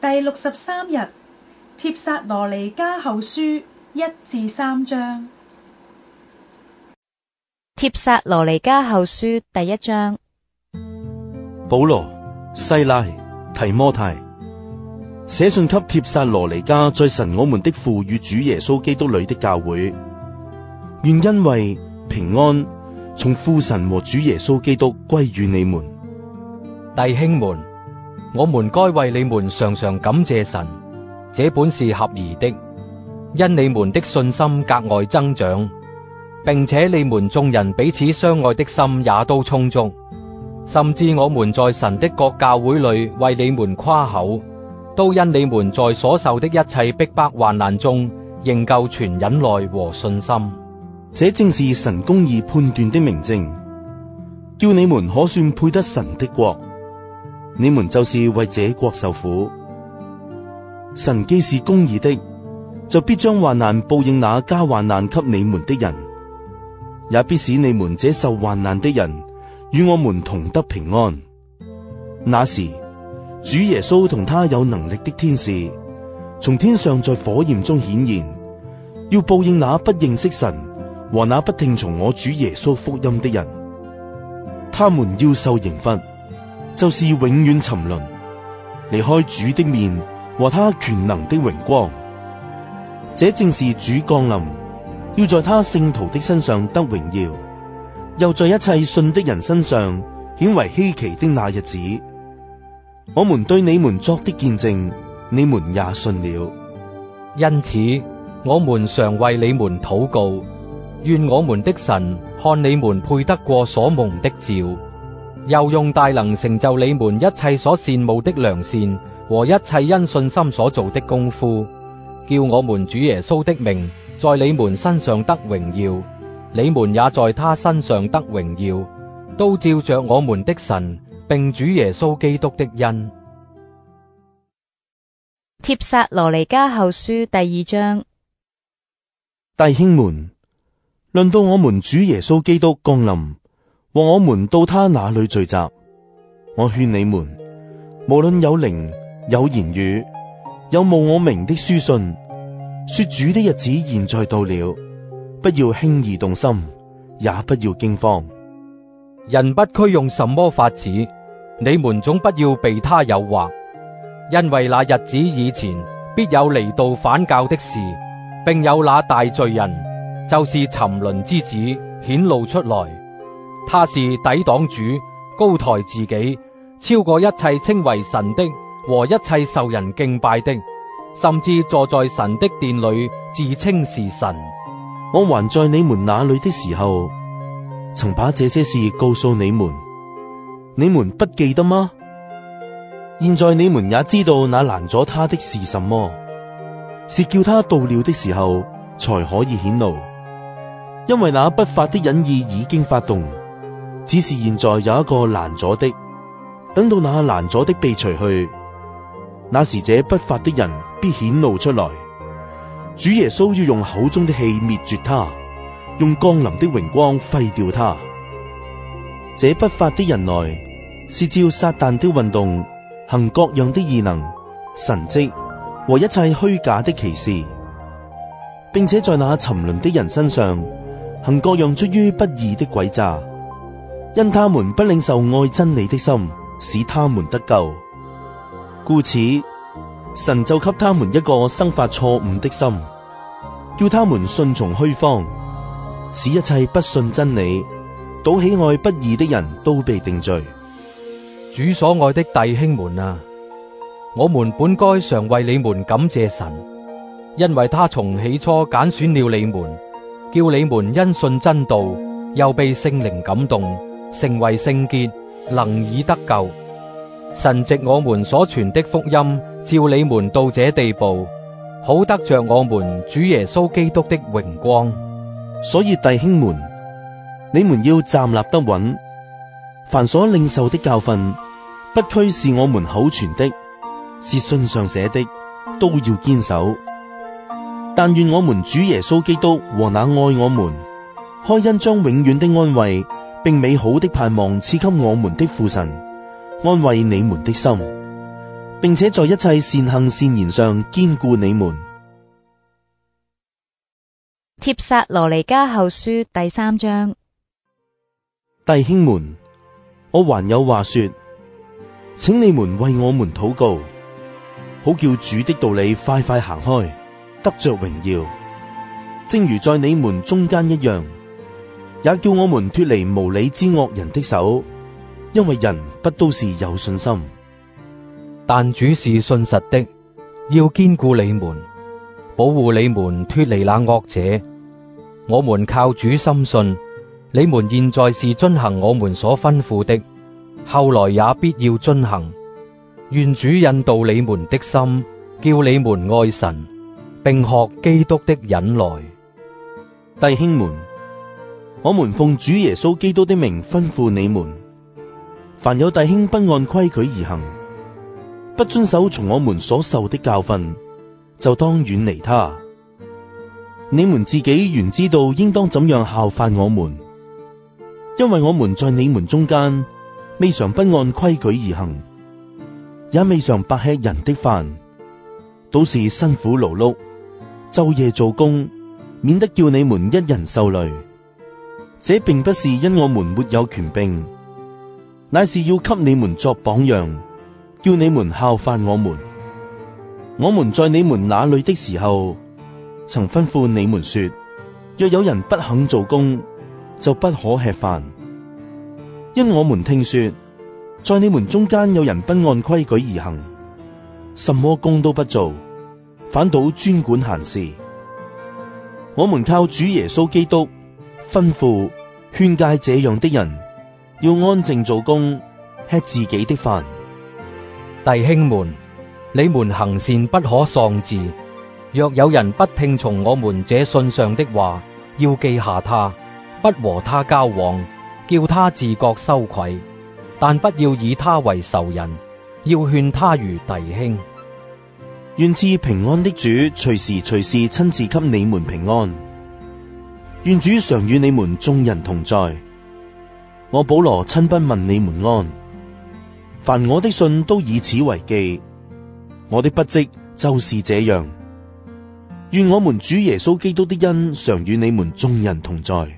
第六十三日，帖撒羅尼加後書一至三章。帖撒羅尼加後書第一章。保羅、西拉、提摩太，寫信給帖撒羅尼加，在神我們的父與主耶穌基督裏的教會，願因為平安，從父神和主耶穌基督歸與你們，弟兄們。我們該為你們常常感謝神，這本是合宜的，因你們的信心格外增長，並且你們眾人彼此相愛的心也都充足。甚至我們在神的各教會裏為你們誇口，都因你們在所受的一切逼迫患難中，仍舊存忍耐和信心。這正是神公義判斷的明證，叫你們可算配得神的國。你們就是為這國受苦，神既是公義的，就必將患難報應那加患難給你們的人，也必使你們這受患難的人與我們同得平安。那時，主耶穌同他有能力的天使從天上在火焰中顯現，要報應那不認識神和那不聽從我主耶穌福音的人，他們要受刑罰。就是永遠沉淪，離開主的面和他權能的榮光。這正是主降臨，要在他聖徒的身上得榮耀，又在一切信的人身上顯為稀奇的那日子。我們對你們作的見證，你們也信了。因此，我們常為你們禱告，願我們的神看你們配得過所蒙的召。」又用大能成就你們一切所羨慕的良善和一切因信心所做的功夫，叫我們主耶穌的名在你們身上得榮耀，你們也在他身上得榮耀，都照着我們的神並主耶穌基督的恩。帖撒羅尼迦後書第二章，弟兄們，論到我們主耶穌基督降臨。和我們到他那裏聚集。我勸你們，無論有靈、有言語、有冒我名的書信，說主的日子現在到了，不要輕易動心，也不要驚慌。人不拘用什麼法子，你們總不要被他誘惑，因為那日子以前必有離道反教的事，並有那大罪人，就是沉淪之子顯露出來。他是抵擋主、高抬自己、超過一切稱為神的和一切受人敬拜的，甚至坐在神的殿裏自稱是神。我還在你們那裏的時候，曾把這些事告訴你們，你們不記得嗎？現在你們也知道那攔阻他的是什麼，是叫他到了的時候才可以顯露，因為那不法的隱意已經發動。只是現在有一個攔阻的，等到那攔阻的被除去，那時這不法的人必顯露出來。主耶穌要用口中的氣滅絕他，用降臨的榮光廢掉他。這不法的人來是照撒但的運動行各樣的異能、神迹和一切虛假的奇事，並且在那沉淪的人身上行各樣出於不義的鬼詐，因他們不領受愛真理的心，使他們得救。故此，神就給他們一個生發錯誤的心，叫他們信從虛方，使一切不信真理、倒喜愛不義的人都被定罪。主所愛的弟兄們啊，我們本該常為你們感謝神，因為他從起初揀選了你們，叫你們因信真道，又被聖靈感動。成為聖潔，能以得救。神藉我們所傳的福音，照你們到這地步，好得着我們主耶穌基督的榮光。所以弟兄們，你們要站立得穩。凡所領受的教訓，不拘是我們口傳的，是信上寫的，都要堅守。但願我們主耶穌基督和那愛我們、開恩將永遠的安慰。並美好的盼望賜給我們的父神，安慰你們的心，並且在一切善行善言上堅固你們。帖撒羅尼迦後書第三章，弟兄們，我還有話說，請你們為我們禱告，好叫主的道理快快行開，得着榮耀，正如在你們中間一樣。也叫我們脫離無理之惡人的手，因為人不都是有信心，但主是信實的，要堅固你們，保護你們脫離那惡者。我們靠主深信，你們現在是遵行我們所吩咐的，後來也必要遵行。願主引導你們的心，叫你們愛神，並學基督的忍耐，弟兄們。我們奉主耶穌基督的名吩咐你們：凡有弟兄不按規矩而行，不遵守從我們所受的教訓，就當遠離他。你們自己原知道應當怎樣效法我們，因為我們在你們中間未嘗不按規矩而行，也未嘗白吃人的飯，倒是辛苦勞碌，晝夜做工，免得叫你們一人受累。這並不是因我們沒有權柄，乃是要給你們作榜樣，叫你們效法我們。我們在你們那裏的時候，曾吩咐你們說：若有人不肯做工，就不可吃飯。因我們聽說，在你們中間有人不按規矩而行，什麼工都不做，反倒專管閒事。我們靠主耶穌基督。吩咐勸誡這樣的人，要安靜做工，吃自己的飯。弟兄們，你們行善不可喪志。若有人不聽從我們這信上的話，要記下他，不和他交往，叫他自覺羞愧。但不要以他為仇人，要勸他如弟兄。願賜平安的主，隨時隨時親自給你們平安。願主常與你們眾人同在。我保羅親筆問你們安。凡我的信都以此為記。我的筆迹就是這樣。願我們主耶穌基督的恩常與你們眾人同在。